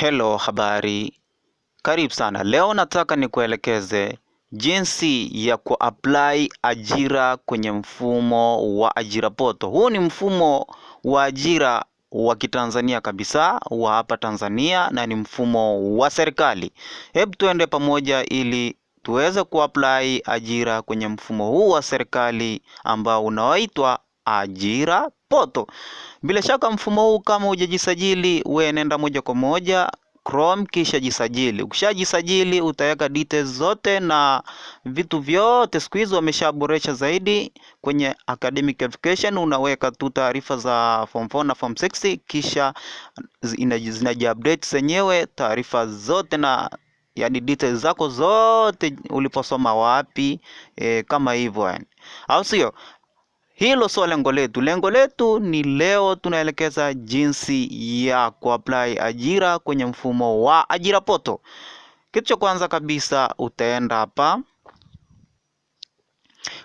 Hello, habari, karibu sana. Leo nataka nikuelekeze jinsi ya kuapply ajira kwenye mfumo wa ajira poto. Huu ni mfumo wa ajira wa kitanzania kabisa wa hapa Tanzania na ni mfumo wa serikali. Hebu tuende pamoja ili tuweze kuapply ajira kwenye mfumo huu wa serikali ambao unaoitwa ajira poto. Bila shaka mfumo huu kama hujajisajili, we nenda moja kwa moja Chrome kisha jisajili. Ukishajisajili utaweka details zote na vitu vyote, siku hizi wameshaboresha zaidi. Kwenye academic application unaweka tu taarifa za form 4 na form 6, kisha update zenyewe taarifa zote na yani details zako zote, uliposoma wapi, e, kama hivyo yani, au sio? Hilo sio lengo letu. Lengo letu ni leo tunaelekeza jinsi ya kuapply ajira kwenye mfumo wa ajira poto. Kitu cha kwanza kabisa utaenda hapa.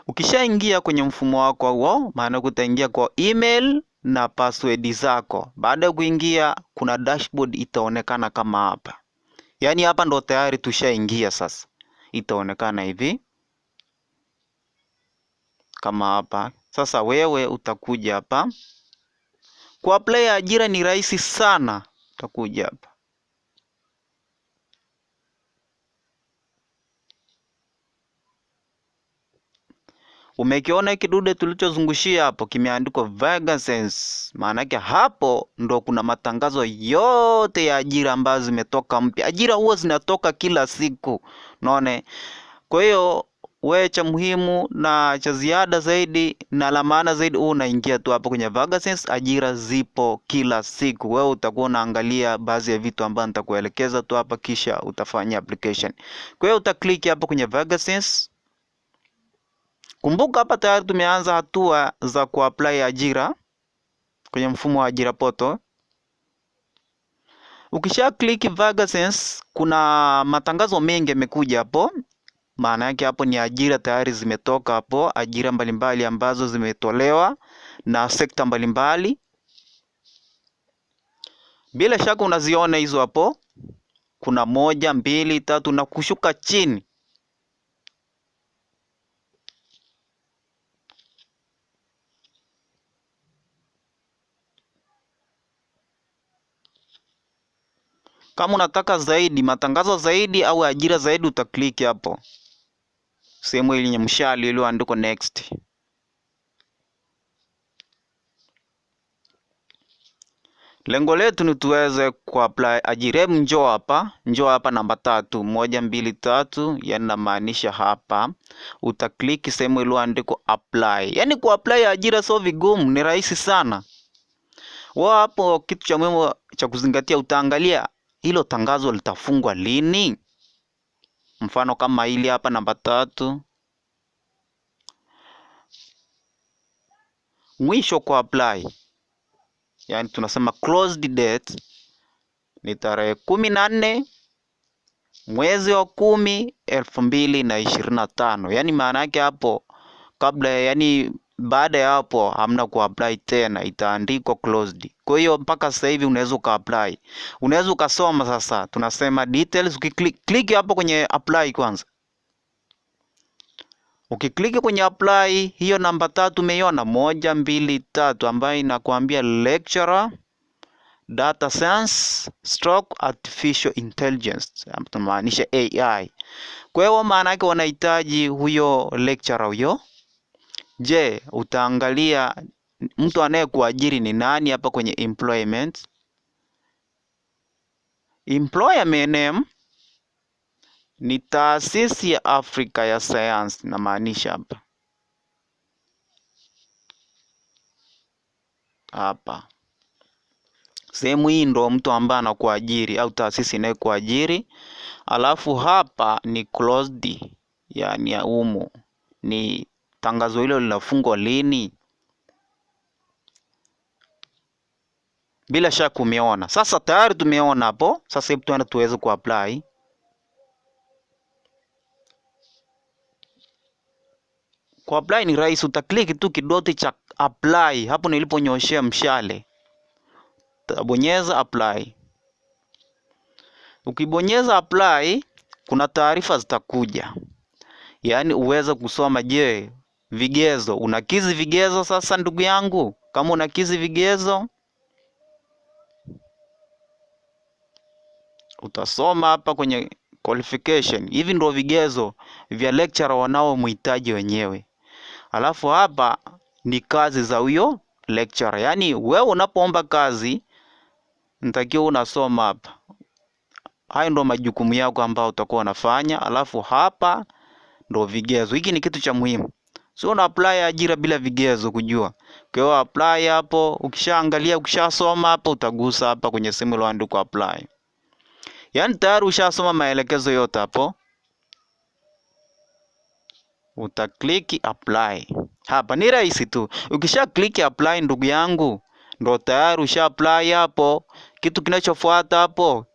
Ukishaingia kwenye mfumo wako huo, maana utaingia kwa email na password zako. Baada ya kuingia, kuna dashboard itaonekana kama hapa. Yaani hapa ndo tayari tushaingia sasa. Itaonekana hivi kama hapa. Sasa wewe utakuja hapa kuapply ajira, ni rahisi sana. Utakuja hapa Umekiona hiki dude tulichozungushia hapo kimeandikwa vacancies. Maana yake hapo ndo kuna matangazo yote ya ajira ambazo zimetoka mpya. Ajira huwa zinatoka kila siku, unaona. Kwa hiyo we cha muhimu na cha ziada zaidi na la maana zaidi, huu unaingia tu hapo kwenye Vagasense. Ajira zipo kila siku, wewe utakuwa unaangalia baadhi ya vitu ambavyo nitakuelekeza tu hapa, kisha utafanya application. Kwa hiyo utaklik hapo kwenye Vagasense. Kumbuka hapa tayari tumeanza hatua za kuapply ajira kwenye mfumo wa ajira poto. Ukisha click Vagasense, kuna matangazo mengi yamekuja hapo maana yake hapo ni ajira tayari zimetoka hapo, ajira mbalimbali ambazo zimetolewa na sekta mbalimbali. Bila shaka unaziona hizo hapo, kuna moja, mbili, tatu na kushuka chini. Kama unataka zaidi matangazo zaidi au ajira zaidi, utakliki hapo sehemu yenye mshale iliyoandikwa next. Lengo letu ni tuweze kuapply ajira. Njoo hapa, njoo hapa namba tatu, moja mbili tatu, yani namaanisha hapa utakliki sehemu iliyoandikwa apply. Yani kuapply ajira sio vigumu, ni rahisi sana. wa hapo, kitu cha muhimu cha kuzingatia, utaangalia hilo tangazo litafungwa lini. Mfano kama hili hapa namba tatu. Mwisho kwa apply, yaani tunasema closed date ni tarehe kumi na nne mwezi wa kumi elfu mbili na ishirini na tano. Yaani maana yake hapo kabla, yaani baada ya hapo hamna apply tena, itaandikwa closed. Kwa hiyo mpaka sasa hivi unaweza apply, unaweza ukasoma. Sasa tunasema details, ukiklik hapo kwenye apply kwanza Ukikliki kwenye apply, hiyo namba tatu umeiona, moja mbili tatu, ambayo inakuambia lecturer data science stroke artificial intelligence, tunamaanisha AI. Kwa hiyo maana yake wanahitaji huyo lecturer huyo Je, utaangalia mtu anayekuajiri ni nani hapa kwenye employment. Employer MNM ni taasisi ya Afrika ya sayansi, namaanisha hapa hapa sehemu hii ndo mtu ambaye anakuajiri au taasisi inayekuajiri. Alafu hapa ni closed, yani ya umu ni Tangazo hilo linafungwa lini? Bila shaka umeona. Sasa tayari tumeona hapo. Sasa hebu tuende tuweze kuapply. apply ni rahisi, utaklik tu kidoti cha apply hapo niliponyoshea mshale, utabonyeza apply. Ukibonyeza apply, kuna taarifa zitakuja, yaani uweze kusoma, je, vigezo. Unakizi vigezo sasa, ndugu yangu? Kama unakizi vigezo, utasoma hapa kwenye qualification. Hivi ndio vigezo vya lecturer wanaomhitaji wenyewe, alafu hapa ni kazi za huyo lecturer. Yaani wewe unapoomba kazi ntakiwa unasoma hapa, hayo ndio majukumu yako ambayo utakuwa unafanya, alafu hapa ndo vigezo. Hiki ni kitu cha muhimu. So una apply ajira bila vigezo kujua. Kwa hiyo apply hapo, ukishaangalia, ukishasoma hapo utagusa hapa kwenye sehemu iliyoandikwa apply. Yaani tayari ushasoma maelekezo yote hapo. Utakliki apply. Hapa ni rahisi tu. Ukisha click apply, ndugu yangu, ndo tayari usha apply hapo. Kitu kinachofuata hapo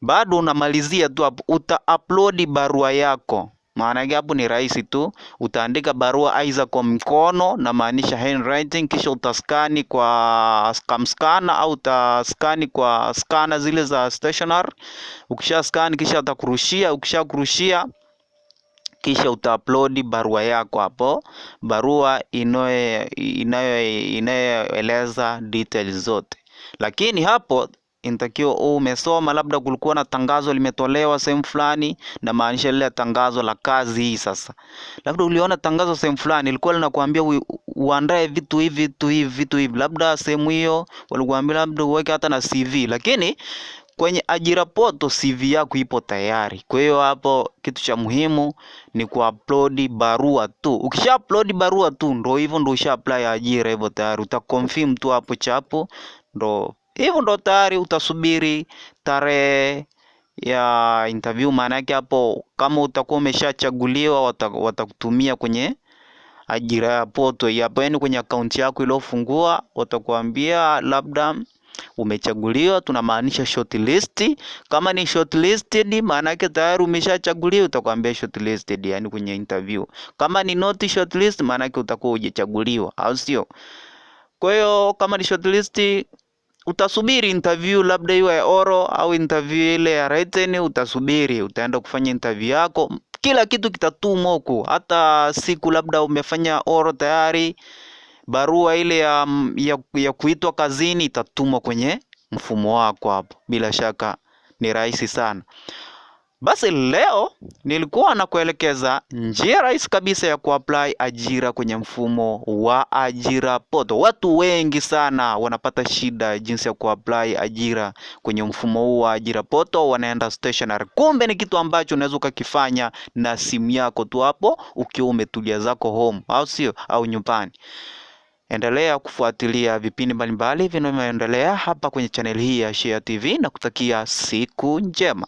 bado unamalizia tu hapo, uta upload barua yako. Maana yake hapo ni rahisi tu, utaandika barua aidha kwa mkono, na maanisha handwriting, kisha utaskani kwa skamskana au utaskani kwa skana zile za stationary. Ukisha skani kisha atakurushia, ukisha kurushia kisha utaupload barua yako hapo, barua inayoeleza details zote, lakini hapo inatakiwa oh, umesoma labda kulikuwa na tangazo limetolewa sehemu fulani, na maanisha lile tangazo la kazi hii. Sasa labda uliona tangazo sehemu fulani ilikuwa linakuambia uandae vitu hivi vitu hivi vitu hivi, labda sehemu hiyo walikuambia labda uweke hata na CV, lakini kwenye ajira poto CV yako ipo tayari. Kwa hiyo hapo kitu cha muhimu ni kuupload barua tu. Ukisha upload barua tu, ndo hivyo ndo usha apply ajira, hivyo tayari utaconfirm tu hapo chapo ndo hivyo ndo tayari utasubiri tarehe ya interview. Maana yake hapo, kama utakuwa umeshachaguliwa, watakutumia wata kwenye ajira ya poto hapo, yani kwenye akaunti yako iliyofungua, watakuambia labda umechaguliwa, tunamaanisha shortlist. Kama ni shortlisted, maana yake tayari umeshachaguliwa, utakwambia shortlisted, yani kwenye interview. Kama ni not shortlist, maana yake utakuwa hujachaguliwa, au sio? Kwa hiyo kama ni shortlist utasubiri interview labda iwe ya oro au interview ile ya written, utasubiri, utaenda kufanya interview yako, kila kitu kitatumwa huku. Hata siku labda umefanya oro tayari, barua ile ya, ya, ya kuitwa kazini itatumwa kwenye mfumo wako hapo. Bila shaka ni rahisi sana. Basi leo nilikuwa na kuelekeza njia rahisi kabisa ya kuapply ajira kwenye mfumo wa ajira poto. Watu wengi sana wanapata shida jinsi ya kuapply ajira kwenye mfumo huu wa ajira poto, wanaenda stationary. Kumbe ni kitu ambacho unaweza ukakifanya na simu yako tu hapo ukiwa umetulia zako home, au sio? Au nyumbani. Endelea kufuatilia vipindi mbalimbali vinavyoendelea hapa kwenye channel hii ya Shayia TV na kutakia siku njema.